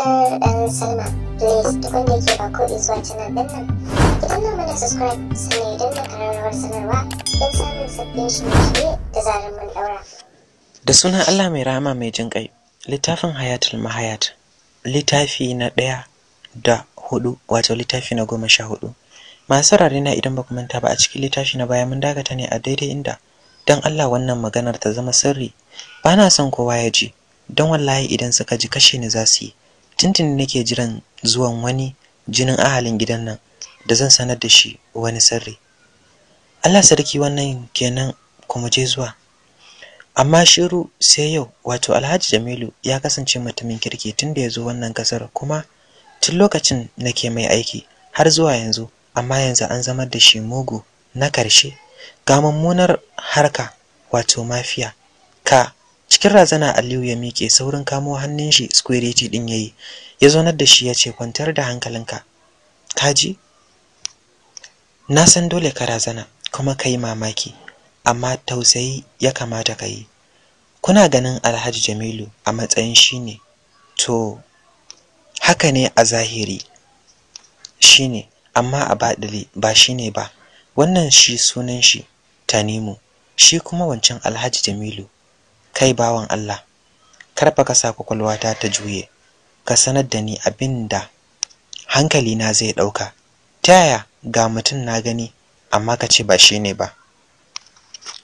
subscribe wanda ba ko subscribe ya sanarwa don samun sabbin da sunan Allah mai rahama mai jin ƙai, littafin Hayatul Mahayat, littafi na ɗaya da hudu wato littafi na goma sha hudu. Masu na idan ba ku manta ba a cikin littafi na baya mun dagata ne a daidai inda don Allah wannan maganar ta zama sirri ba na son kowa ya ji don wallahi idan suka ji kashe ni za su yi da nake jiran zuwan wani jinin ahalin gidan nan da zan sanar da shi wani sirri Allah sarki wannan kenan kuma je zuwa amma shiru sai yau wato Alhaji Jamilu ya kasance mutumin kirki tun da ya zo wannan kasar kuma tun lokacin nake mai aiki har zuwa yanzu amma yanzu an zama da shi mugu na karshe ga mummunar harka wato mafiya ka cikin razana Aliyu ya mike saurin kamo hannun shi squareti din yayi ya zonar da shi ya ce kwantar da hankalinka kaji na san dole ka razana kuma kai mamaki amma tausayi ya kamata ka yi kuna ganin Alhaji Jamilu a matsayin shine to haka ne a zahiri shine amma a baɗili ba shine ba wannan shi sunan shi Tanimu shi kuma wancan Alhaji Jamilu kai bawan Allah karfa ka sa kwakwalwata ta juye ka sanar da ni abinda. Hankali na zai ɗauka ta yaya ga mutum na gani amma ka ce ba shi ne ba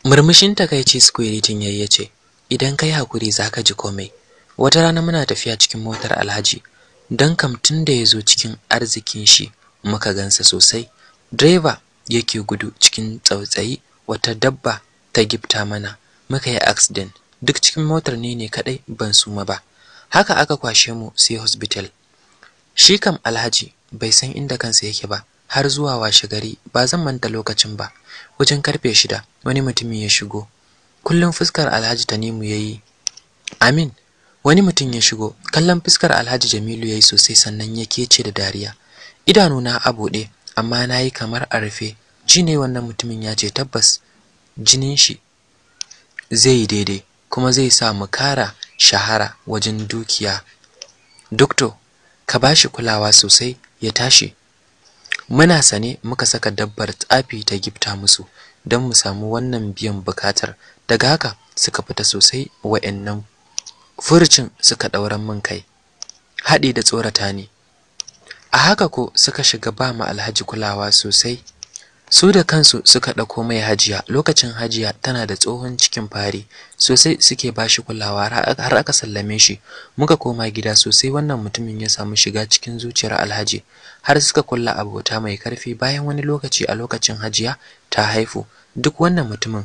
murmushin takaici square yayi ce idan kai hakuri zaka ji komai wata rana muna tafiya cikin motar Alhaji dan kam tun da yazo cikin arzikin shi muka gansa sosai driver yake gudu cikin tsautsayi wata dabba ta gifta mana muka yi accident duk cikin motar ne ne kadai ban suma ba haka aka kwashe mu sai hospital shi kam alhaji bai san inda kansa yake ba har zuwa washe gari ba zan manta lokacin ba wajen karfe shida wani mutumin ya shigo kullum fuskar alhaji tanimu ya yi amin wani mutum ya shigo kallon fuskar alhaji jamilu ya yi sosai sannan ya kece da dariya idanu na a buɗe amma na yi kamar a rufe ji ne wannan mutumin ya ce tabbas jinin shi zai yi daidai kuma zai sa mu kara shahara wajen dukiya dokto ka ba shi kulawa sosai ya tashi muna sane muka saka dabbar tsafi ta gifta musu don mu samu wannan biyan bukatar daga haka suka fita sosai wa'annan furucin suka ɗauran min kai haɗi da tsorata ne a haka ko suka shiga ba mu alhaji kulawa sosai su da kansu suka ɗauko mai hajiya lokacin hajiya tana da tsohon cikin fari sosai suke ba shi kulawa har aka sallame shi muka koma gida sosai wannan mutumin ya samu shiga cikin zuciyar alhaji har suka kulla abota mai karfi bayan wani lokaci a lokacin hajiya ta haifu duk wannan mutumin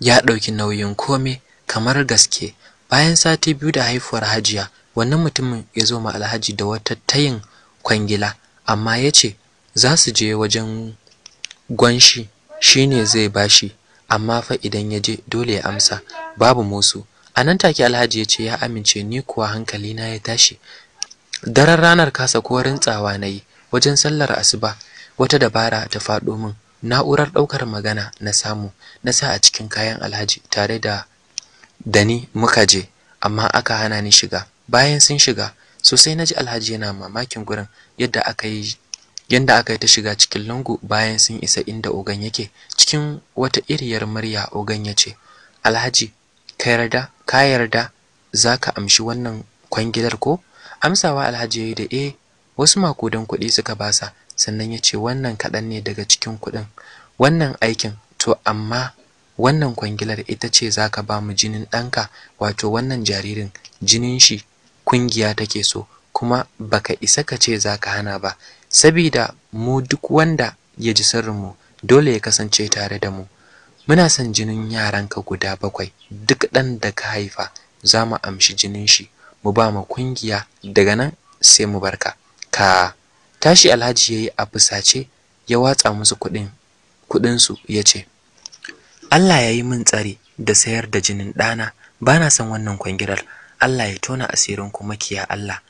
ya ɗauki nauyin kome kamar gaske bayan sati biyu da haifuwar hajiya wannan mutumin ya zo ma alhaji da wata tayin kwangila amma ya ce za su je wajen Gwanshi shine zai bashi, amma fa idan ya je dole ya amsa, babu musu. A nan take Alhaji ya ce ya amince ni kuwa hankali na ya tashi. Daren ranar kasa ko rintsawa na yi wajen sallar asuba wata dabara ta faɗo min. Na'urar ɗaukar magana na samu na sa a cikin kayan Alhaji tare da dani muka je amma aka hana ni shiga. Bayan sun shiga sosai na ji Alhaji yana mamakin gurin yadda aka yi yanda aka yi ta shiga cikin lungu bayan sun isa inda ogan yake cikin wata iriyar murya ogan ya ce alhaji ka yarda ka yarda za ka amshi wannan kwangilar ko amsawa alhaji ya yi da e wasu makudan kuɗi suka basa sannan ya ce wannan kaɗan ne daga cikin kuɗin wannan aikin to amma wannan kwangilar ita ce za ka ba mu jinin ɗanka wato wannan jaririn jinin shi kungiya take so kuma baka isa ka ce za ka hana ba sabida mu duk wanda ya ji sirrinmu dole ya kasance tare da mu muna son jinin yaranka guda bakwai duk ɗan da ka haifa za mu amshi jinin shi mu ba mu kungiya daga nan sai mu barka ka tashi alhaji ya yi a ya watsa musu kuɗin kuɗinsu ya ce allah ya yi min tsari da sayar da jinin ɗana ba na son wannan kwangirar allah ya tona asirin kuma kiya allah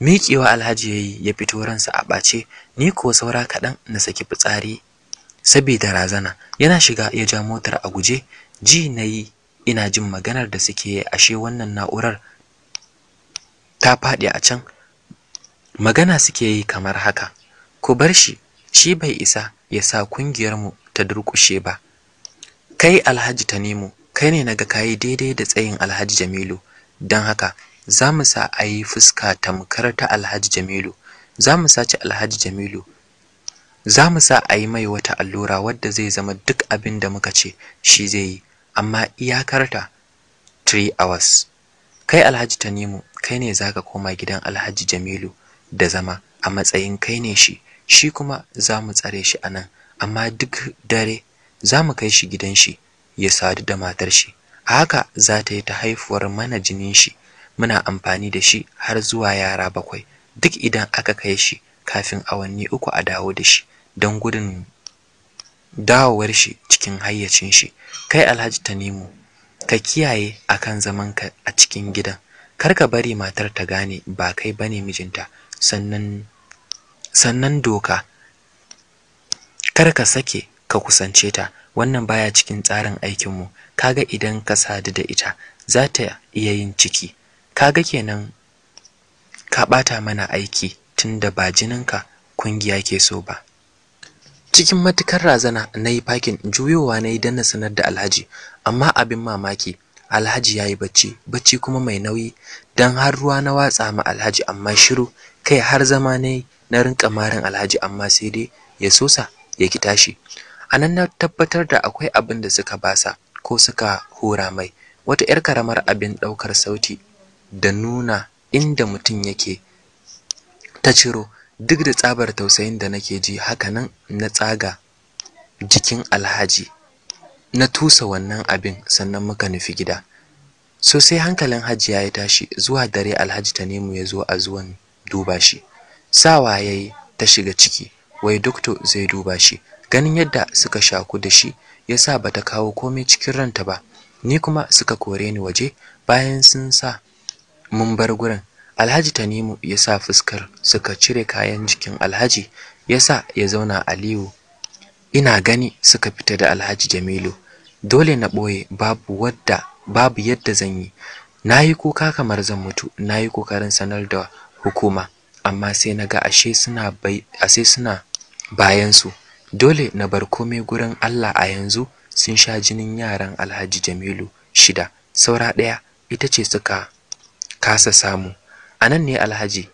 miƙewa alhaji yayi ya fito ransa a ɓace ni ko saura kaɗan na saki fitsari saboda razana yana shiga ya ja motar a guje ji nayi ina jin maganar da suke ashe wannan na'urar ta faɗi a can magana suke yi kamar haka ku bar shi shi bai isa ya sa kungiyarmu ta durƙushe ba kai alhaji tanimu kai ne naga kayi daidai da tsayin alhaji jamilu don haka za mu sa a yi fuska tamkar ta Alhaji Jamilu, za mu ci Alhaji Jamilu, za mu sa a yi mai wata allura wadda zai zama duk abin da muka ce shi zai yi, amma iyakar iyakarta 3 hours. Kai Alhaji Tanimu, kai ne za ka koma gidan Alhaji Jamilu da zama a matsayin kai ne shi, shi kuma za mu tsare shi a nan, amma duk dare za mu kai shi gidan shi ya sadu da matar shi. A haka za ta yi ta haifuwar mana jinin shi. muna amfani da shi har zuwa yara bakwai duk idan aka kai shi kafin awanni uku a dawo da shi don gudun dawowar shi cikin hayyacin shi kai alhaji tanimu ka kiyaye akan zamanka a cikin gidan kar ka bari matar ta gane ba kai bane mijinta sannan sannan doka kar ka sake ka kusance ta wannan baya cikin tsarin aikinmu kaga idan ka sadu da ita za ta iya yin ciki kaga kenan ka bata mana aiki tunda ba jininka ƙungiya ke so ba cikin matukar razana na yi fakin juyowa na yi danna sanar da alhaji amma abin mamaki alhaji ya yi bacci bacci kuma mai nauyi don har ruwa na watsa ma alhaji amma shiru kai har zama ne na rinka marin alhaji amma sai dai ya sosa ya ki tashi a nan na tabbatar da akwai abin da suka basa ko suka hura mai wata 'yar karamar abin ɗaukar sauti da nuna inda mutum yake ta ciro duk da tsabar tausayin da nake ji hakanan na tsaga jikin alhaji na tusa wannan abin sannan muka nufi gida Sosai hankalin hajiya ya tashi zuwa dare alhaji ta nemu ya zo a zuwan duba shi sawa ya yi ta shiga ciki wai dokto zai duba shi ganin yadda suka shaku da shi ya sa ba ta kawo komai cikin ranta ba ni kuma suka kore ni waje bayan sun sa mun bar gurin Alhaji Tanimu ya sa fuskar suka cire kayan jikin Alhaji ya sa ya zauna Aliyu ina gani suka fita da Alhaji Jamilu dole na ɓoye babu wadda babu yadda zan yi na yi kuka kamar zan mutu na yi kokarin sanar da hukuma amma sai naga ashe suna bai ashe suna bayan su dole na bar komai gurin Allah a yanzu sun sha jinin yaran Alhaji Jamilu shida saura ɗaya ita ce suka kasa samu anan ne alhaji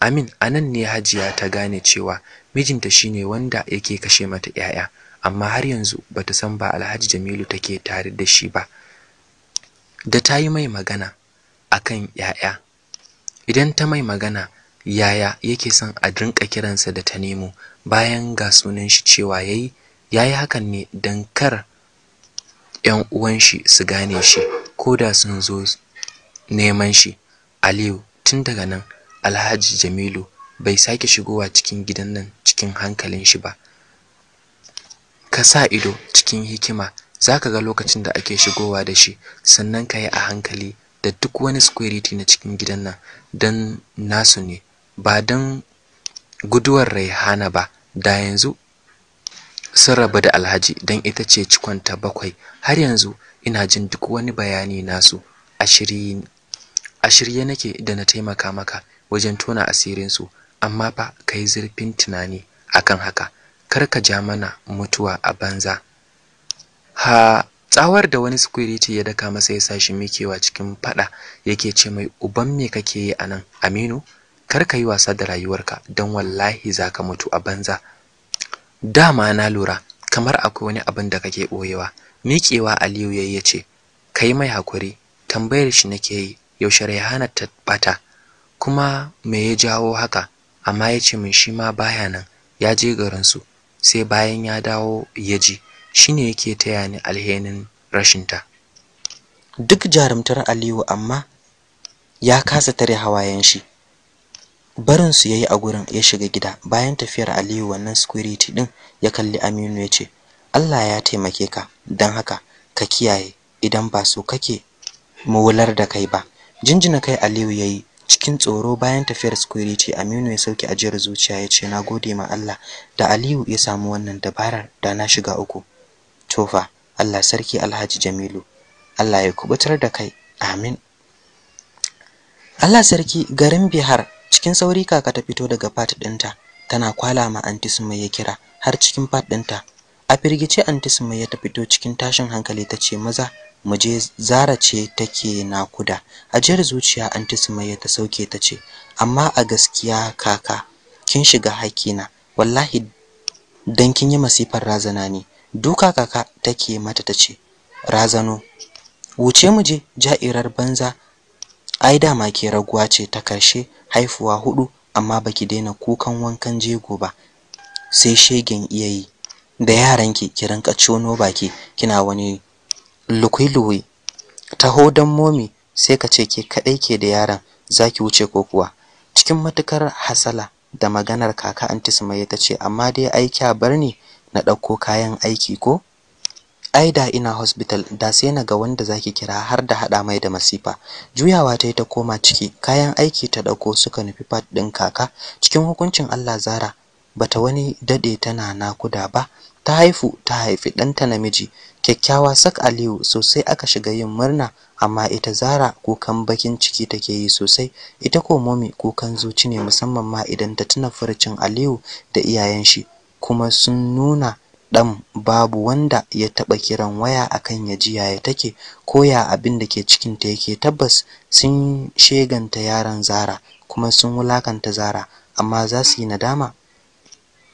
amin anan ne hajiya ta gane cewa mijinta shine wanda yake kashe mata 'ya'ya amma har yanzu bata san ba alhaji jamilu take tare da shi ba da ta yi mai magana akan 'ya'ya idan ta mai magana yaya yake son a dinka kiransa da ta nemo bayan ga sunan shi cewa yayi yayi hakan ne dan kar 'yan uwan shi su gane shi koda sun zo neman shi Aliyu tun daga nan Alhaji Jamilu bai sake shigowa cikin gidan nan cikin hankalin shi ba ka sa ido cikin hikima za ka ga lokacin da ake shigowa da shi sannan ka yi a hankali da duk wani security na cikin gidan nan dan nasu ne ba don guduwar Raihana ba da yanzu sun rabu da Alhaji don ita ce cikonta bakwai har yanzu ina jin duk wani bayani nasu a shirye nake da na taimaka maka wajen tona asirinsu, su amma fa yi zurfin tunani a kan haka kar ka ja mana mutuwa a banza ha tsawar da wani security ya daka masa ya sashi mikewa cikin fada yake ce mai uban me kake yi anan Aminu kar ka yi wasa da rayuwarka don wallahi za ka mutu a banza dama na lura kamar akwai wani abin da kake ɓoyewa. miƙewa Aliyu ya yi ce ka yi mai hakuri tambayar shi nake yi yaushe Raihana ta bata kuma me ya jawo haka amma ya ce min shi ma baya nan ya je garin su sai bayan ya dawo ya ji shine yake taya ni alhenin rashin ta duk jarumtar Aliyu amma ya kasa tare hawayen shi barin su yayi a gurin ya shiga gida bayan tafiyar Aliyu wannan security din ya kalli Aminu ya ce Allah ya taimake ka don haka ka kiyaye idan ba so kake mu wular da kai ba jinjina kai Aliyu yayi cikin tsoro bayan tafiyar security Aminu ya sauke ajiyar zuciya ya ce nagode ma Allah da Aliyu ya samu wannan dabarar da na shiga uku tofa Allah sarki Alhaji Jamilu Allah ya kubutar da kai amin Allah sarki garin Bihar cikin sauri kaka ta fito daga fat ɗinta tana kwala ma Sumai ya kira har cikin fat ɗinta a firgice Sumai ya ta fito cikin tashin hankali ta ce maza muje Zara ce take nakuda ajiyar zuciya anti Sumayya ta sauke ta ce amma a gaskiya kaka kin shiga hakina wallahi dan kin yi masifar razana ne duka kaka take mata ta ce razano wuce mu je ja'irar banza ai dama ke raguwa ce ta karshe haifuwa hudu amma baki daina kukan wankan jego ba sai shegen iya yi. da yaranki ki rinka cono baki kina wani lukui-lukui taho dan momi sai ka ce ke kadai ke da yaron zaki wuce ko kuwa cikin matukar hasala da maganar kaka anti sumaye ta ce amma dai ai kya barni na dauko kayan aiki ko ai da ina hospital da sai na ga wanda zaki kira har da hada mai da masifa juyawa ta yi ta koma ciki kayan aiki ta dauko suka nufi fat din kaka cikin hukuncin Allah Zara bata wani dade tana nakuda ba ta haifu ta haifi ɗanta namiji kyakkyawa sak aliyu sosai aka shiga yin murna amma ita zara kukan bakin ciki take yi sosai ita ko momi kukan zuci ne musamman ma idan ta tuna furucin aliyu da iyayen shi kuma sun nuna ɗan babu wanda ya taba kiran waya akan ya ji yaya take ko ya abin da ke cikinta yake tabbas sun sheganta yaran zara kuma sun wulakanta zara amma za su yi nadama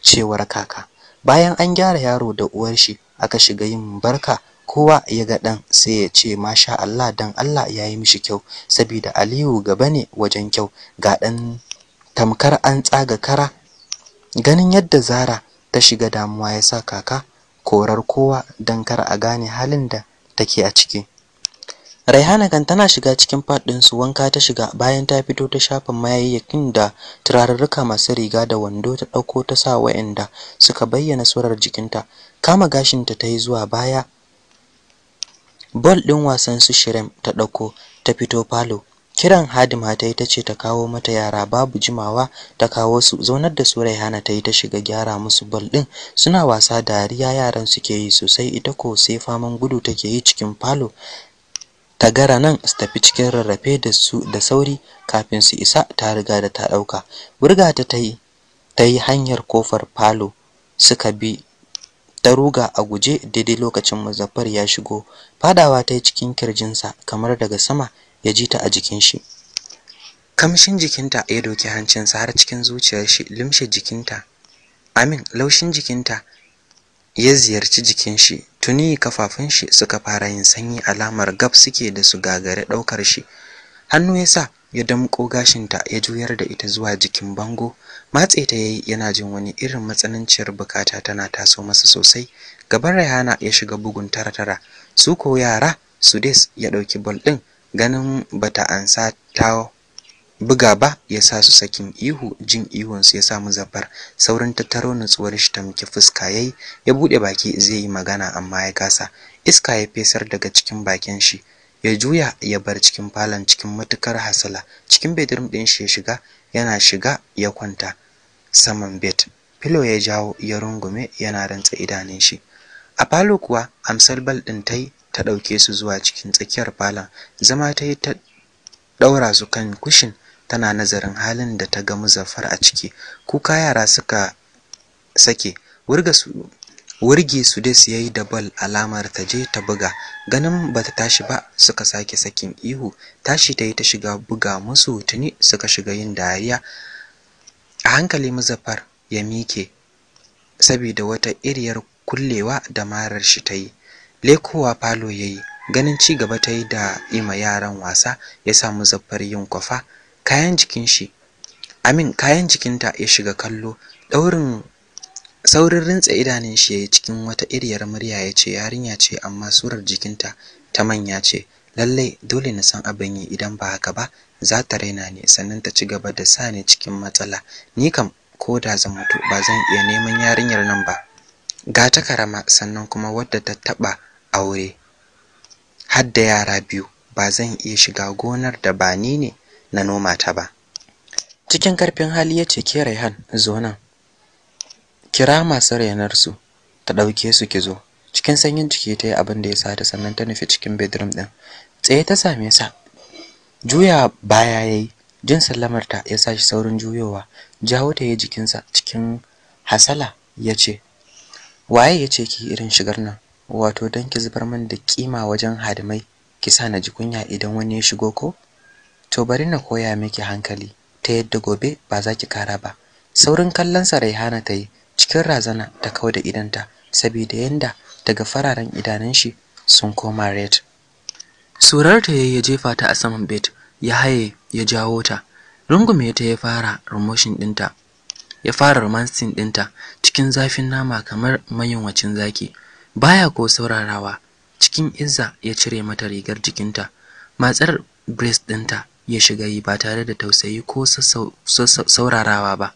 cewar kaka bayan an gyara yaro da uwar shi aka shiga yin barka kowa ya ga dan sai ya ce masha Allah dan Allah ya yi mishi kyau saboda Aliyu gaba ne wajen kyau ga dan tamkar an tsaga kara ganin yadda Zara ta shiga damuwa ya sa kaka korar kowa dan kar a gane halin da take a ciki Raihana kan tana shiga cikin pad din su wanka ta shiga bayan ta fito ta shafa mayayyakin da turarurruka masu riga da wando ta dauko ta sa wa'anda suka bayyana surar jikinta kama gashinta ta yi zuwa baya ball din wasan su shirem ta dauko ta fito falo kiran hadima ta yi ta ce ta kawo mata yara babu jimawa ta kawo su zaunar da su raihana ta yi ta shiga gyara musu ball din suna wasa dariya yaran suke yi sosai ita ko sai faman gudu take yi cikin falo ta gara nan su tafi cikin rarrafe da su da sauri kafin su isa ta riga da ta ɗauka burga ta tayi tai hanyar kofar falo suka bi ta ruga a guje daidai lokacin muzaffar ya shigo fadawa ta yi cikin kirjinsa kamar daga sama ya ji ta a jikin shi kamshin jikinta ya doki hancinsa har cikin zuciyar shi limshe jikinta amin laushin jikinta ya ziyarci jikin shi tuni kafafun shi suka fara yin sanyi alamar gab suke da su gagare daukar shi hannu ya sa ya damƙo gashinta ya juyar da ita zuwa jikin bango matse ta yayi yana jin wani irin matsananciyar bukata tana taso masa sosai gaban Rayana ya shiga bugun tara-tara su ko yara su Sudes ya ɗauki bol ɗin ganin bata ansa ta buga ba ya sa su sakin ihu jin ihunsu ya sa zafar saurin tattaro nutsuwar shi ta muke fuska yayi ya buɗe baki zai yi magana amma ya kasa iska ya fesar daga cikin bakin shi ya juya ya bar cikin falon cikin matukar hasala cikin bedroom ɗin shi ya shiga yana shiga ya kwanta saman bed filo ya jawo ya rungume yana rantsa idanun shi a falo kuwa amsar bal ɗin tai ta ɗauke su zuwa cikin tsakiyar falon zama ta yi ta ɗaura su kan kushin tana nazarin halin da ta ga Muzaffar a ciki kuka yara suka sake wurga su wurge su dai su yayi da bal alamar ta je ta buga ganin bata tashi ba suka sake sakin ihu tashi ta yi ta shiga buga musu tuni suka shiga yin dariya a hankali Muzaffar ya mike saboda wata iriyar kullewa da marar shi ta yi lekowa falo yayi ganin ci gaba ta yi da ima yaran wasa ya sa Muzaffar yin kwafa kayan jikin shi amin kayan jikinta ya shiga kallo daurin saurin rintsa idanun shi yayi cikin wata iriyar murya ya ce yarinya ce amma surar jikinta ta manya ce Lallai, dole na san abin yi idan ba haka ba za ta raina ne, sannan ta ci gaba da sani cikin matsala ni kam ko da zan mutu ba zan iya neman yarinyar nan ba ga ta karama sannan kuma wadda ta taba aure har da yara biyu ba zan iya shiga gonar da ba ni ne na noma ta ba cikin karfin hali ya ce ke Raihan zo nan kira masu rainarsu ta ɗauke su ki zo cikin sanyin ciki ta yi abin da ya sa ta sannan ta nufi cikin bedroom ɗin. tsaye ta same sa juya baya yi. jin sallamarta ya sa shi saurin juyowa jawo ta yi jikinsa cikin hasala ya ce waye ya ce ki irin shigar nan wato don ki zubar min da kima wajen hadimai ki sa na ji kunya idan wani ya shigo ko to bari na koya miki hankali ta yadda gobe ba za ki kara ba saurin kallon sa Raihana ta yi cikin razana ta da idanta saboda yanda daga fararen idanun shi sun koma red surar ta yayye jefa ta a saman bed ya haye ya jawo ta rungume ta ya fara rumoshin dinta ya fara romancing dinta cikin zafin nama kamar mayunwacin zaki baya ko saurarawa cikin izza ya cire mata rigar jikinta matsar breast dinta ya shiga yi ba tare da tausayi ko saurarawa ba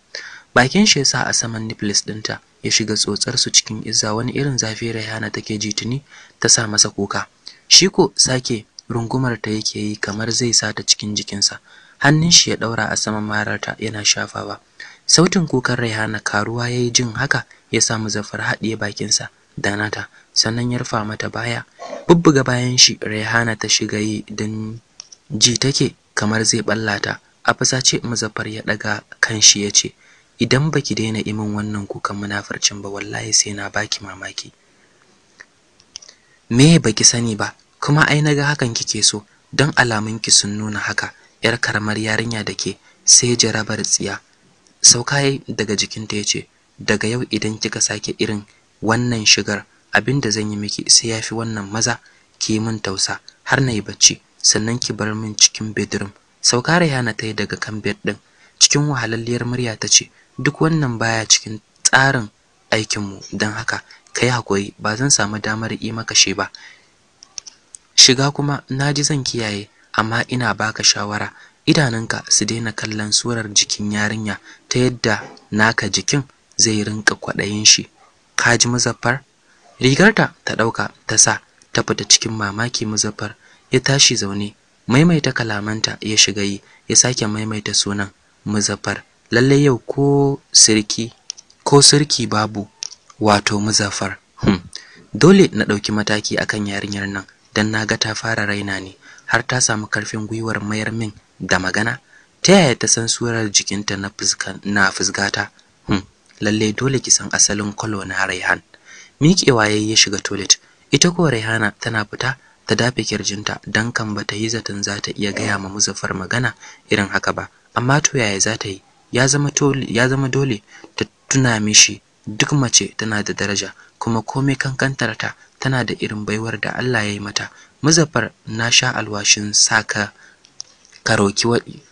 bakin shi yasa a saman nipples dinta, ya shiga tsotsar su cikin izza wani irin zafi rayana take ji tuni ta sa masa kuka shi ko sake rungumar ta yake yi kamar zai sata cikin jikinsa hannun shi ya daura a saman mararta yana shafawa sautin kukan rayana karuwa yayi jin haka ya samu zafar haɗiye bakinsa da nata sannan ya rufa mata baya bubbuga bayan shi rayana ta shiga yi don ji take kamar zai ballata a ce muzaffar ya daga kanshi ya ce idan baki daina imin wannan kukan munafurcin ba wallahi sai na baki mamaki me baki sani ba kuma ai naga hakan kike so don alamun ki sun nuna haka yar karamar yarinya da ke sai jarabar tsiya sauka daga jikinta ya ce daga yau idan kika sake irin wannan shigar abinda zan yi miki sai ya fi wannan maza ke mun tausa har na yi bacci sannan ki bar min cikin bedroom sauka Rayana ta yi daga kan bed din cikin wahalalliyar murya ta ce duk wannan baya cikin tsarin aikinmu don haka kai hakuri ba zan samu damar yi maka shi ba shiga kuma na ji zan kiyaye amma ina baka shawara idanunka su daina kallon surar jikin yarinya ta yadda naka jikin zai rinka kwaɗayin shi kaji muzaffar rigarta ta ɗauka ta sa ta fita cikin mamaki muzaffar ya tashi zaune maimaita kalamanta ya shiga yi ya sake maimaita sunan muzaffar lallai yau ko sirki ko sirki babu wato muzaffar hmm. dole na ɗauki mataki akan yarinyar nan don na ga ta fara raina ne har ta samu karfin gwiwar mayar min da magana ta yaya ta san surar jikinta na fuska na fusgata hmm. lalle dole ki san asalin kwalo na raihan miƙewa yayi ya shiga toilet ita ko raihana tana fita ta dafe kirjinta dan kan bata yi zaton za ta iya gaya ma Muzaffar magana irin haka ba amma to yaya za ta yi ya zama dole ta tuna mishi duk mace tana da daraja kuma komai kankantarta tana da irin baiwar da Allah ya yi mata Muzaffar na sha alwashin saka karoki wadi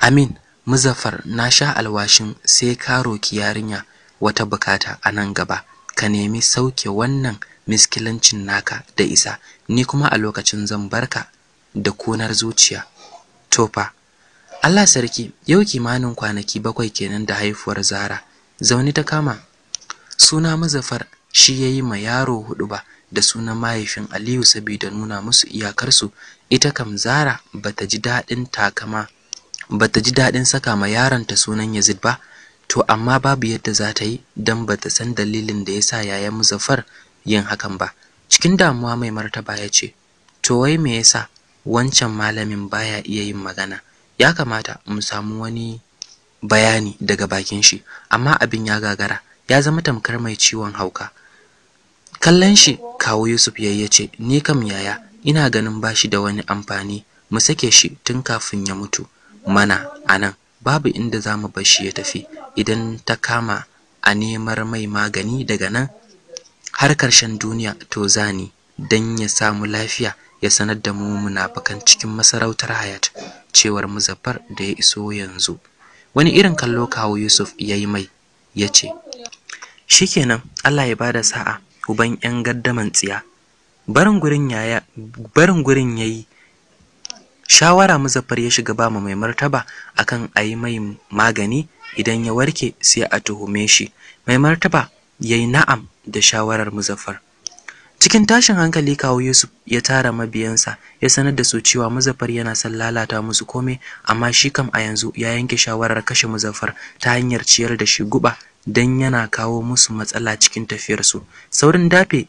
Amin Muzaffar na sha alwashin sai ka roki yarinya wata bukata a nan gaba ka nemi sauke wannan miskilancin naka da isa ni kuma a lokacin zan barka da konar zuciya tofa Allah sarki yau kimanin kwanaki bakwai kenan da haifuwar Zara zauni ta kama suna Muzaffar shi yayi ma yaro hudu ba da sunan mahaifin Aliyu saboda nuna musu iyakarsu ita kam Zara bata ji dadin takama bata ji daɗin saka ma yaronta sunan Yazid ba to amma babu yadda za ta yi dan bata san dalilin da yasa yayan Muzaffar yin hakan ba cikin damuwa mai martaba ya ce to wai me yasa wancan malamin baya iya yin magana ya kamata mu samu wani bayani daga bakin shi amma abin ya gagara ya zama tamkar mai ciwon hauka kallon shi kawo Yusuf yayi ce ni kam yaya ina ganin bashi da wani amfani mu sake shi tun kafin ya mutu mana anan babu inda zamu bar shi ya tafi idan ta kama a nemar mai magani daga nan har ƙarshen duniya to za ni don ya samu lafiya ya sanar da mu munafukan cikin masarautar Hayat cewar Muzaffar da ya iso yanzu wani irin kallo kawo Yusuf ya yi mai ya ce shikenan Allah ya bada sa'a uban yan gaddaman tsiya barin gurin yaya barin gurin yayi shawara Muzaffar ya shiga ba mai martaba akan a yi mai magani idan ya warke sai a tuhume shi mai martaba yayi na'am da shawarar Muzaffar. Cikin tashin hankali kawo Yusuf ya tara mabiyansa ya sanar da su cewa Muzaffar yana son lalata musu komai amma shi kam a yanzu ya yanke shawarar kashe Muzaffar ta hanyar ciyar da shi guba don yana kawo musu matsala cikin tafiyarsu. Saurin dafe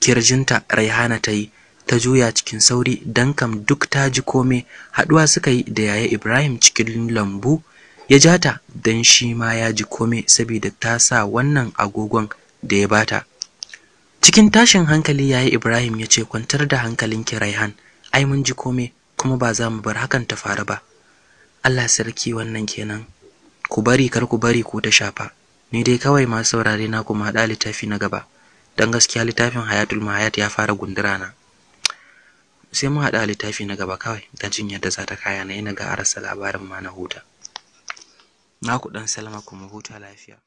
kirjinta Raihana ta yi ta juya cikin sauri dan kam duk ta ji komai haɗuwa suka yi da yaya Ibrahim cikin lambu ya ja ta don shi ma ya ji komai saboda ta sa wannan agogon da ya bata cikin tashin hankali yayi Ibrahim ya ce kwantar da hankalinki Raihan ai mun ji kome kuma ba za mu bar hakan ta faru ba Allah sarki wannan kenan ku bari kar ku bari ku ta shafa ni dai kawai ma saurare na kuma haɗa littafi na gaba don gaskiya littafin Hayatul Mahayat ya fara gundura na sai mu haɗa littafi na gaba kawai don jin yadda za ta kaya na yi ga arasa labarin ma na huta na ku ɗan salama kuma huta lafiya